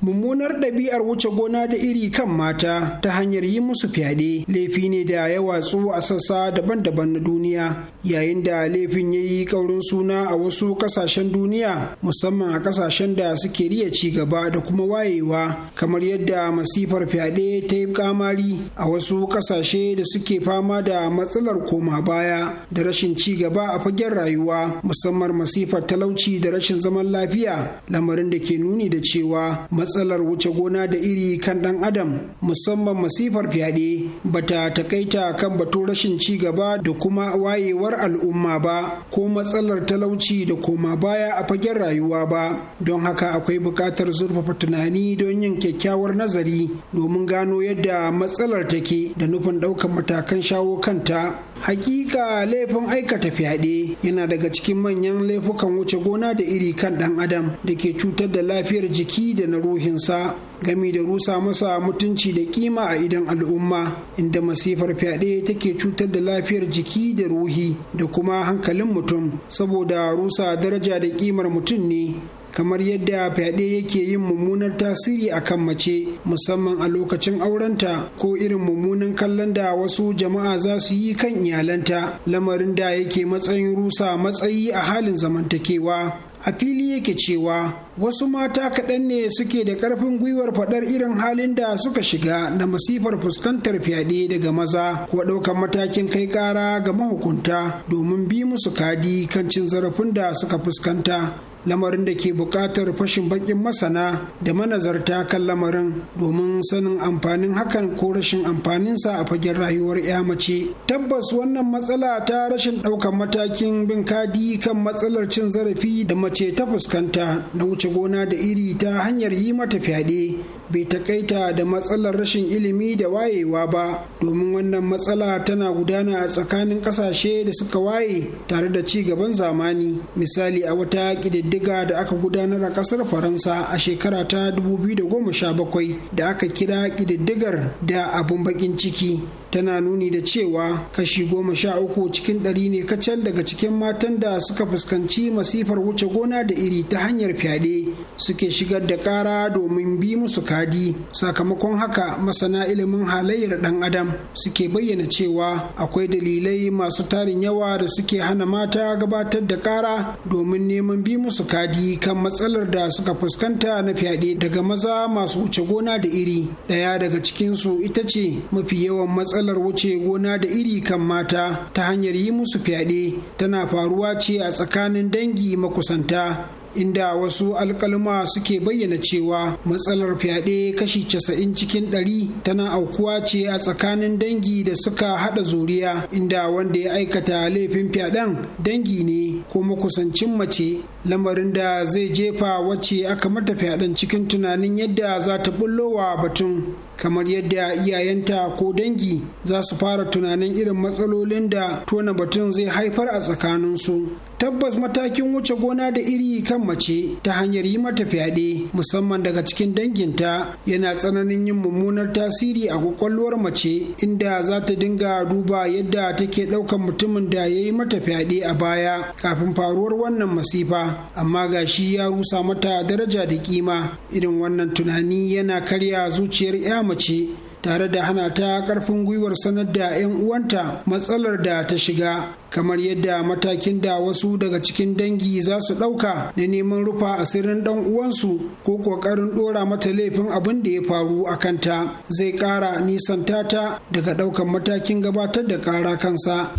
mummunar ɗabi'ar wuce gona da iri kan mata ta hanyar yi musu fyaɗe laifi ne da ya watsu a sassa daban-daban na duniya yayin da laifin ya yi ƙaurin suna a wasu ƙasashen duniya musamman a ƙasashen da suke riya ci gaba da kuma wayewa kamar yadda masifar fyaɗe ta yi kamari a wasu ƙasashe da suke fama da matsalar koma baya da rashin ci gaba a fagen rayuwa musamman masifar talauci da rashin zaman lafiya lamarin da ke nuni da cewa matsalar matsalar wuce gona da iri kan ɗan adam musamman masifar fyaɗe ba ta takaita kan batun rashin ci gaba da kuma wayewar al'umma ba ko matsalar talauci da koma baya a fagen rayuwa ba don haka akwai buƙatar zurfafa tunani don yin kyakkyawar nazari domin gano yadda matsalar take da nufin ɗaukar matakan shawo kanta hakika laifin aikata fyaɗe yana daga cikin manyan laifukan wuce gona da iri kan ɗan adam da ke cutar da lafiyar jiki da na ruhinsa gami da rusa masa mutunci da kima a idan al'umma inda masifar fyaɗe take cutar da lafiyar jiki da ruhi da kuma hankalin mutum saboda rusa daraja da kimar mutum ne kamar yadda fyaɗe yake yin mummunar tasiri a kan mace musamman a lokacin aurenta ko irin mummunan kallon da wasu jama'a za su yi kan iyalanta lamarin da yake matsayin rusa matsayi a halin zamantakewa a fili yake cewa wasu mata kaɗan ne suke da ƙarfin gwiwar faɗar irin halin da suka shiga na masifar fuskantar fyaɗe daga maza ko ɗaukar matakin kai ƙara ga mahukunta domin bi musu kadi kan cin zarafin da suka fuskanta lamarin da ke buƙatar fashin baƙin masana da manazarta kan lamarin domin sanin amfanin hakan ko rashin amfaninsa a fagen rayuwar 'ya mace tabbas wannan matsala ta rashin ɗaukar matakin bin kadi kan matsalar cin zarafi da mace ta fuskanta na wuce gona da iri ta hanyar yi mata fyaɗe bai takaita da matsalar rashin ilimi da wayewa ba domin wannan matsala tana gudana a tsakanin kasashe da suka waye tare da ci gaban zamani misali a wata kididdiga da aka gudanar a ƙasar faransa a shekara ta 2017 da aka kira kididdigar da abin baƙin ciki tana nuni da cewa kashi goma sha uku cikin ɗari ne kacal daga cikin matan da suka fuskanci masifar wuce gona da iri ta hanyar fyaɗe suke shigar da ƙara domin bi musu kadi sakamakon haka masana ilimin halayyar ɗan adam suke bayyana cewa akwai dalilai masu tarin yawa da suke hana mata gabatar da ƙara domin neman bi musu kadi kan matsalar da suka fuskanta na fyaɗe daga maza masu wuce gona da iri ɗaya daga cikinsu ita ce mafi yawan matsalar matsalar wuce gona da iri kan mata ta hanyar yi musu fyaɗe tana faruwa ce a tsakanin dangi makusanta inda wasu alkalma suke bayyana cewa matsalar fyaɗe kashi casa'in cikin ɗari tana aukuwa ce a tsakanin dangi da suka haɗa zuriya inda wanda ya aikata laifin fyaɗen dangi ne ko makusancin mace lamarin da zai jefa wacce aka mata fyaɗen cikin tunanin yadda za ta bullowa batun kamar yadda iyayenta ko dangi za su fara tunanin irin matsalolin da tona batun zai haifar a tsakaninsu tabbas matakin wuce gona da iri kan mace ta hanyar yi mata fyaɗe musamman daga cikin danginta yana tsananin yin mummunar tasiri a kwakwalwar mace inda za ta dinga duba yadda take ɗaukan mutumin da ya yi mata fyaɗe a baya kafin faruwar wannan masifa amma ga shi ya rusa mata daraja da kima irin wannan tunani yana karya zuciyar ya mace tare da hana ta karfin gwiwar sanar da 'yan uwanta matsalar da ta shiga kamar yadda matakin da wasu daga cikin dangi za su ɗauka na neman rufa asirin ɗan uwansu ko ƙoƙarin ɗora mata laifin abin da ya faru a kanta zai ƙara nisan tata daga ɗaukan matakin gabatar da ƙara kansa.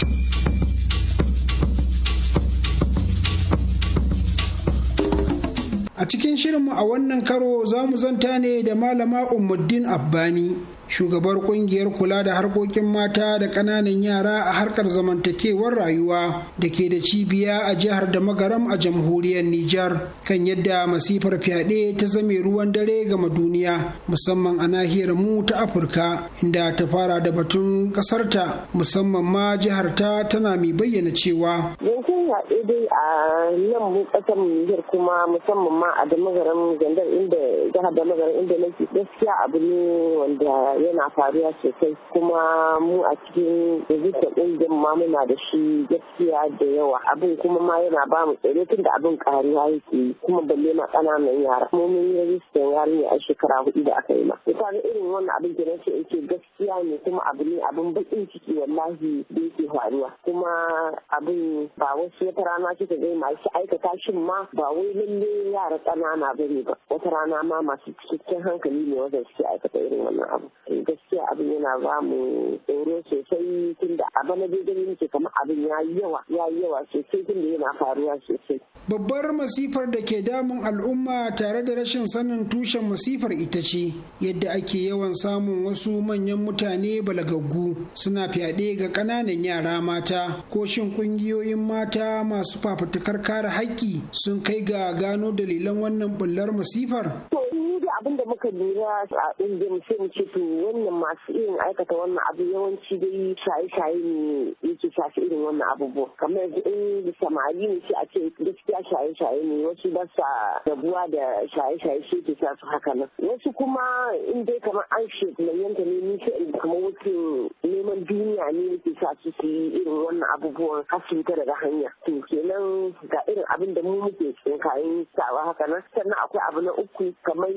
A cikin shirinmu a wannan karo za mu zanta ne da malama Umuddin Abbani shugabar kungiyar kula da harkokin mata da ƙananan yara a harkar zamantakewar rayuwa da ke da cibiya a jihar da magaram a jamhuriyar Nijar kan yadda masifar fyaɗe ta zame ruwan dare gama duniya musamman a nahiyar mu ta Afirka inda ta fara da batun ƙasarta musamman ma jihar ta tana mai bayyana cewa yaƙe dai a nan mu ƙasar Nijar kuma musamman ma a damagaran gandar inda jihar damagaran inda nake gaskiya abu ne wanda yana faruwa sosai kuma mu a cikin rijistar ɗin ma muna da shi gaskiya da yawa abin kuma ma yana ba mu tsere tun da abin ƙariya yake kuma balle ma ƙananan yara kuma mun yi rijistar ne a shekara hudu da aka yi ma. Ita ne irin wannan abin da nace ce gaskiya ne kuma abu ne abin bakin ciki wallahi da yake faruwa kuma abin ba wasu wata rana kika ga shi aikata shin ma ba wai lalle yara ƙanana ba ne ba wata rana ma masu cikakken hankali ne wajen suke aikata irin wannan abu. Eh, gaskiya abin yana ba mu tsoro sosai tunda a bana dai ganin ke kamar abin ya yi yawa ya yi yawa sosai tunda yana faruwa sosai. Babbar masifar da ke damun al'umma tare da rashin sanin tushen masifar ita ce yadda ake yawan samun wasu manyan mutane balagaggu suna fyaɗe ga ƙananan yara mata ko shin ƙungiyoyin mata masu fafutukar kare haƙƙi sun kai ga gano dalilan wannan bullar masifar. abin da muka lura a ɗin sai mu ce to wannan masu irin aikata wannan abu yawanci dai shaye-shaye ne yake shafi irin wannan abubuwa kamar yanzu in da samari ne shi a ce gaskiya shaye-shaye ne wasu ba sa rabuwa da shaye-shaye shi ke sa su haka nan wasu kuma in dai kamar an shekulayanta ne ni sai kamar wasu neman duniya ne yake sa su su yi irin wannan abubuwan har su fita daga hanya to kenan ga irin abin da mu muke tsinkayen sawa haka nan sannan akwai abu na uku kamar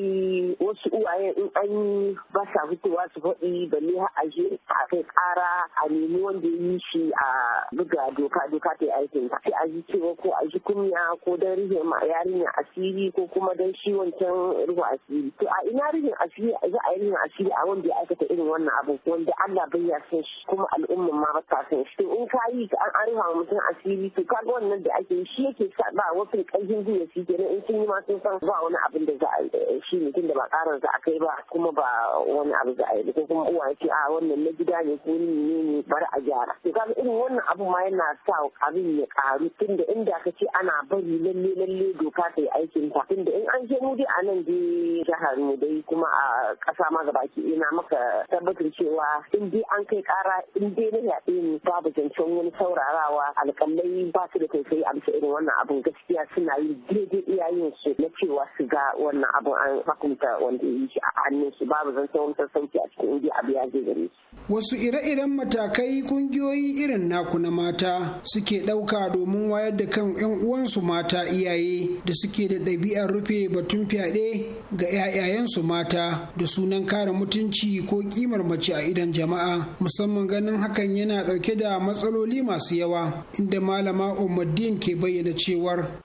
wasu uwaye in an yi ba sa fito cewa su faɗi balle a je a kai ƙara a nemi wanda ya yi shi a buga doka doka ta aikin sai a ji cewa ko a ji kunya ko dan rige ma yarinya asiri ko kuma dan shi wancan rufe asiri to a ina rigin asiri za a yi asiri a wanda ya aikata irin wannan abu wanda Allah bai ya san shi kuma al'umman ma ba ta san shi to in ka yi an arha wa mutum asiri to kaga wannan da ake yi shi yake sa ba wasu ƙarfin gwiwa shi kenan in sun yi ma sun san ba wani abin da za a yi eh, shi mutum da ba ƙarar za a kai ba kuma ba wani abu da a yi ko kuma uwa ce a ah, wannan na gida ne ko ne ne bari a gyara to kaga irin wannan abu ma yana sa abin ya karu tunda inda ka ce ana bari lalle lalle doka ta yi aikin ta tunda in an je mu dai a nan dai jihar mu dai kuma a kasa ma ki ina maka tabbatar cewa in dai an kai kara in dai na yaɗe ne babu zancen wani saurarawa alƙalai ba su da kai amsa irin wannan abun gaskiya suna yi daidai iyayen su na cewa su ga wannan abun an hakunta wanda ya yi shi a hannun su babu zancen wani sauki a cikin indiya abu ya wasu ire-iren matakai kungiyoyi irin naku na mata suke ɗauka domin wayar da kan 'yan uwansu mata iyaye da suke da ɗabi'ar rufe batun fyaɗe ga 'ya'yayensu mata da sunan kare mutunci ko ƙimar mace a idan jama'a musamman ganin hakan yana ɗauke da matsaloli masu yawa inda malama Umaddin ke bayyana cewar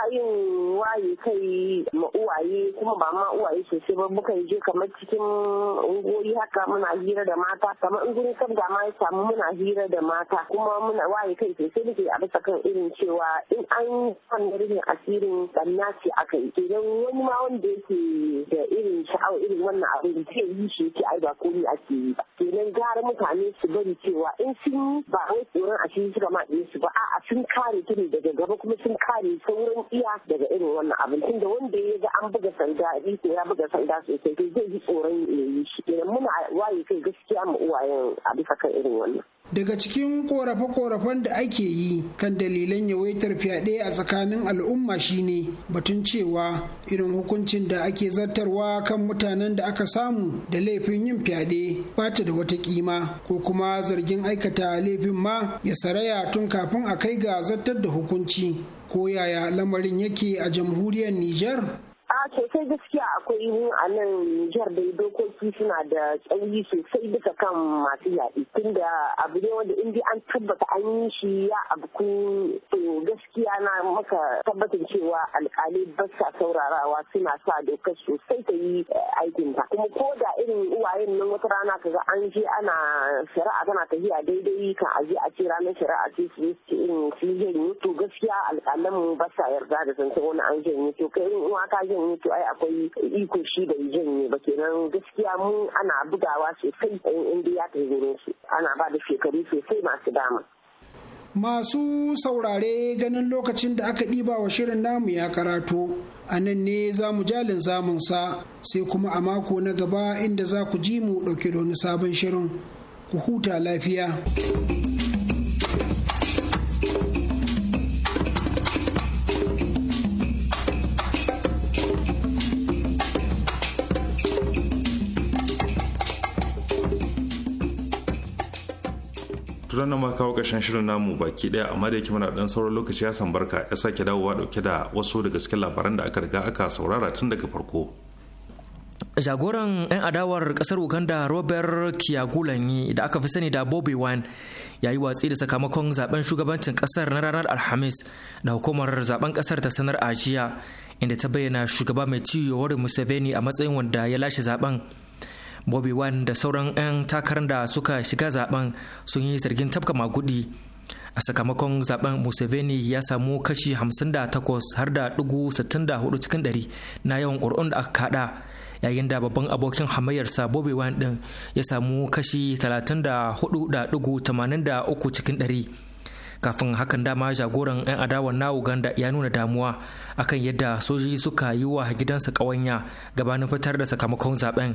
muna yin waye kai ma uwaye kuma ba ma uwaye sosai ba muka je kamar cikin ungoyi haka muna hira da mata kamar in gurin kan ma ya samu muna hira da mata kuma muna waye kai sosai muke a bisa kan irin cewa in an wannan rufin asirin banna ce a yi idan wani ma wanda yake da irin sha'awa irin wannan abin zai yi shi yake ai ba komai ake yi ba kenan gara mutane su bari cewa in sun ba wai tsoron asiri suka ma su ba a'a sun kare ta daga gaba kuma sun kare sauran iya daga irin wannan abin tunda wanda ya ga an buga sanda riko ya buga sanda sosai zai ji tsoron ya yi shi idan muna waye kai gaskiya mu uwayen a bisa kan irin wannan daga cikin korafe-korafen da ake yi kan dalilan yawaitar fyaɗe a tsakanin al'umma shine batun cewa irin hukuncin da ake zartarwa kan mutanen da aka samu da laifin yin fyaɗe bata da wata kima ko kuma zargin aikata laifin ma ya saraya tun kafin a kai ga zartar da hukunci ko yaya lamarin yake a jamhuriyar Nijar a sosai gaskiya akwai yi a nan jihar da dokoki suna da tsauri sosai bisa kan masu yaɗi tunda abu ne wanda in an tabbata an yi shi ya abu to gaskiya na maka tabbatin cewa alkali ba sa saurarawa suna sa dokar sosai ta yi eh, aikin ta kuma ko da irin uwayen nan wata rana kaga an je ana shari'a tana tafiya daidai ka a je a ce ranar shari'a ce su ce irin su to gaskiya alkalan mu ba sa yarda da zancen wani an janye to kai in uwa ka janye to ai akwai iko shi da ne ba kenan gaskiya mu ana bugawa sosai in inda ya ta gurin shi ana ba da shekaru sosai masu dama. Masu saurare ganin lokacin da aka ɗiba wa shirin namu ya karato, a nan ne za mu jalin zamunsa sai kuma a mako na gaba inda za ku ji mu ɗauke da wani sabon shirin. Ku huta lafiya. tunan nan maka kawo ƙarshen shirin namu baki ɗaya amma da yake muna ɗan sauran lokaci ya san barka ya sake dawowa dauke da wasu daga cikin labaran da aka riga aka saurara tun daga farko. jagoran 'yan adawar kasar uganda robert kiyagulanyi da aka fi sani da bobby wine ya yi watsi da sakamakon zaben shugabancin kasar na ranar alhamis da hukumar zaben kasar ta sanar a jiya inda ta bayyana shugaba mai ciwo wari museveni a matsayin wanda ya lashe zaben Bobby wan da sauran 'yan takarar da suka shiga zaben sun yi zargin tabka magudi. A sakamakon zaben Museveni ya samu kashi 58 har da 64 cikin dari na yawan ƙuri'un da aka kada yayin da babban abokin hamayyarsa Bobby wan ɗin ya samu kashi 34.83 cikin ɗari. kafin hakan dama jagoran 'yan adawar na uganda ya nuna damuwa akan yadda sojoji suka yi wa gidansa ƙawanya gabanin fitar da sakamakon zaben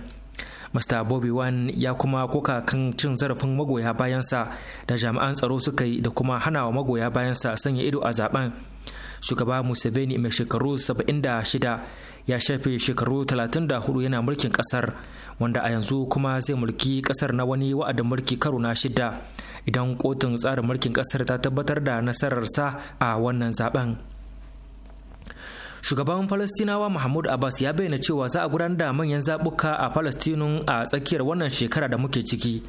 mr bobby wan ya kuma koka kan cin zarafin magoya bayansa da jami'an tsaro suka yi da kuma hana wa magoya bayansa sanya ido a zaben shugaba museveni mai shekaru 76 ya shafe shekaru 34 yana mulkin kasar wanda a yanzu kuma zai mulki kasar na wani wa'adin mulki karo na shida idan kotun tsarin mulkin kasar ta tabbatar da nasararsa a wannan zaben shugaban falastinawa mahmud abbas ya bayyana cewa za a gudanar da manyan zabuka a falastinun a tsakiyar wannan shekara da muke ciki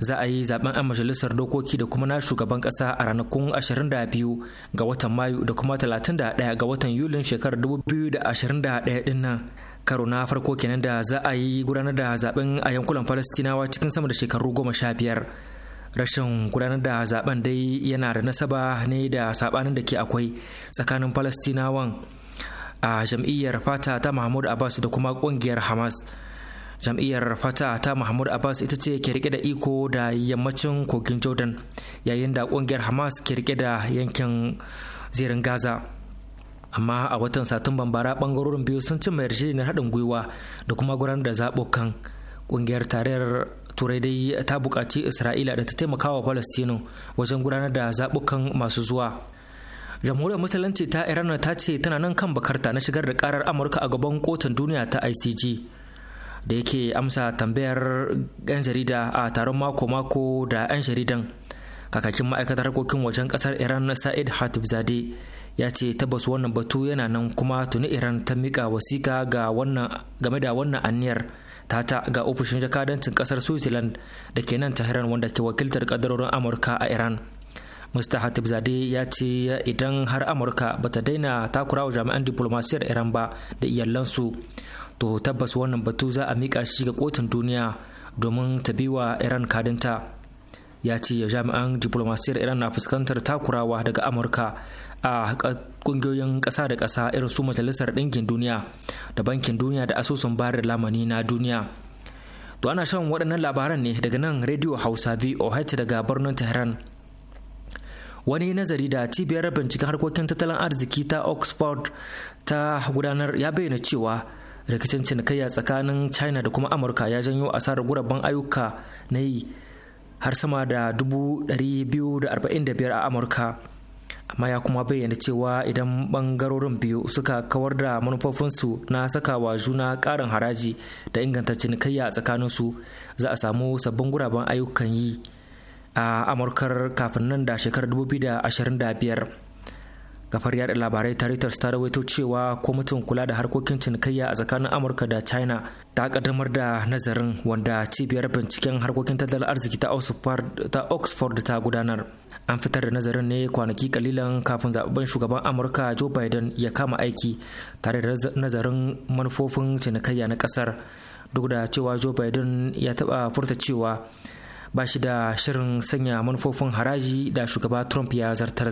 za a yi zaben a majalisar dokoki da kuma na shugaban kasa a ranakun 22 ga watan mayu da kuma 31 ga watan yulin shekarar 2021 din nan karo na farko kenan da za a yi gudanar da zaben a yankunan falastinawa cikin sama da shekaru goma sha biyar rashin gudanar da zaben dai yana da nasaba ne da sabanin da ke akwai tsakanin falastinawan a jam'iyyar fata ta mahmud abbas da kuma kungiyar hamas jam'iyyar fata ta mahmud abbas ita ce ke rike da iko da yammacin kogin jordan yayin da kungiyar hamas ke rike da yankin zirin gaza amma a watan satumban bara bangarorin biyu sun ci cimma yarjejeniyar haɗin gwiwa da kuma gudanar da zaɓukan kungiyar tarayyar turai dai ta buƙaci isra'ila da ta taimaka wa wajen gudanar da zaɓukan masu zuwa jamhuriyar musulunci ta iran ta ce tana nan kan bakarta na shigar da karar amurka a gaban kotun duniya ta icg da yake amsa tambayar 'yan jarida a taron mako-mako da 'yan jaridan kakakin ma'aikatar harkokin wajen kasar iran na sa'id hatibzade ya ce tabbas wannan batu yana nan kuma tuni iran ta mika wasiƙa game da wannan aniyar ta ga ofishin jakadancin kasar switzerland da ke nan iran wanda ke wakiltar kadarorin amurka a iran mr hatib ya ce idan har amurka ba ta daina takura wa jami'an diplomasiyar iran ba da iyalansu to tabbas wannan batu za a mika shi ga kotun duniya domin ta bi wa iran kadinta ya ce jami'an diplomasiyar iran na fuskantar takurawa daga amurka a kungiyoyin ƙasa da kasa irin su majalisar ɗinkin duniya da bankin duniya da asusun bayar da lamani na duniya to ana shan waɗannan labaran ne daga nan rediyo hausa voh daga birnin tehran wani nazari da cibiyar binciken harkokin tattalin arziki ta oxford ta gudanar ya bayyana cewa rikicin cinikayya tsakanin china da kuma amurka ya janyo asarar gurabban ayyuka na yi har sama da 245 a amurka amma ya kuma bayyana cewa idan bangarorin biyu suka kawar da manufofinsu na sakawa juna karin haraji da inganta cinikayya a tsakaninsu za a samu sabbin guraben ayyukan yi a amurkar kafin nan da shekarar 2025 kafar yaɗa labarai ta Reuters ta rawaito cewa kwamitin kula da harkokin cinikayya a tsakanin Amurka da China ta kaddamar da nazarin wanda cibiyar binciken harkokin tattalin arziki ta Oxford ta gudanar. An fitar da nazarin ne kwanaki kalilan kafin zaɓen shugaban Amurka Joe Biden ya kama aiki tare da nazarin manufofin cinikayya na ƙasar duk da cewa Joe Biden ya taɓa furta cewa ba shi da shirin sanya manufofin haraji da shugaba trump ya zartar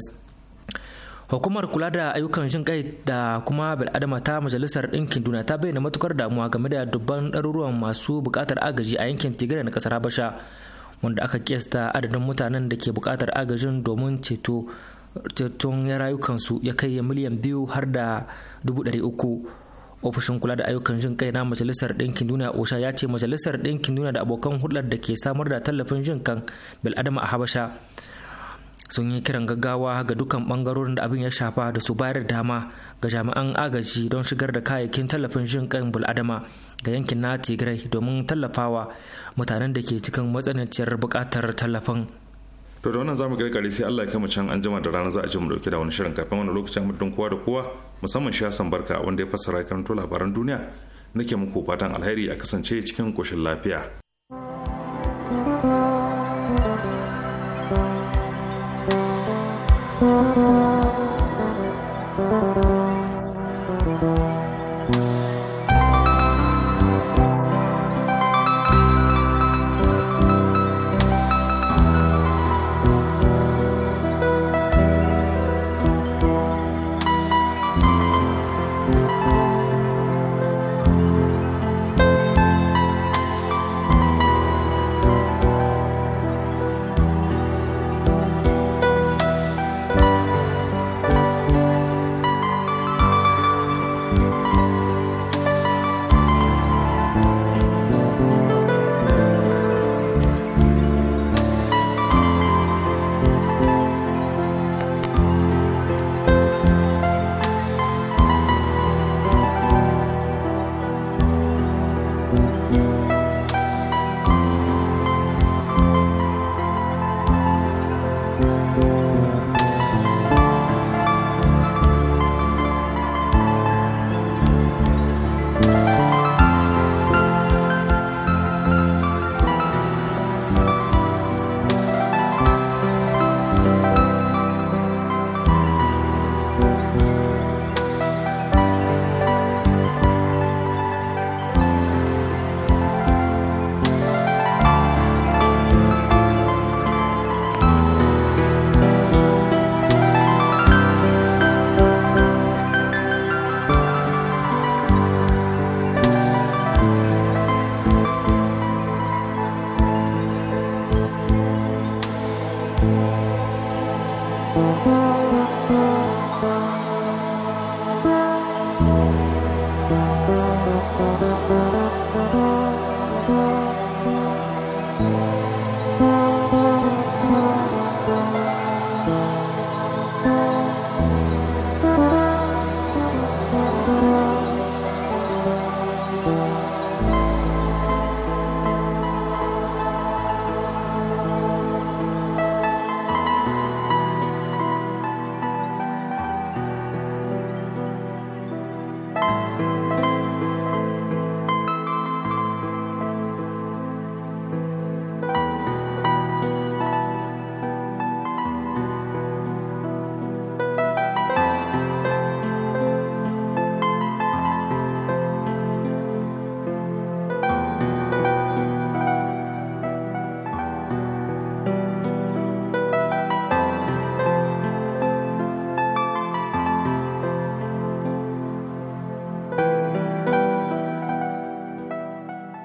hukumar kula da ayyukan jin kai da kuma bil'adama ta majalisar ɗinkin duniya ta bayyana matukar damuwa game da dubban ɗaruruwan masu buƙatar agaji a yankin tigray na ƙasar habasha wanda aka kiyasta adadin mutanen da ke buƙatar agajin domin ceto ceton rayukansu ya kai miliyan biyu har da dubu ɗari uku ofishin kula da ayyukan jin kai na majalisar ɗinkin duniya osha ya ce majalisar ɗinkin duniya da abokan hulɗar da ke samar da tallafin jin kan bil'adama a habasha sun yi kiran gaggawa ga dukkan bangarorin da abin ya shafa da su bayar da dama ga jami'an agaji don shigar da kayayyakin tallafin jin kan bil'adama ga yankin na tigray domin tallafawa mutanen da ke cikin matsananciyar buƙatar tallafin to da wannan zamu gargare sai Allah ya kama can an jima da rana za a ji mu dauke da wani shirin kafin wani lokacin mutum kowa da kowa musamman shi Hassan Barka wanda ya fassara karanto labaran duniya nake muku fatan alheri a kasance cikin koshin lafiya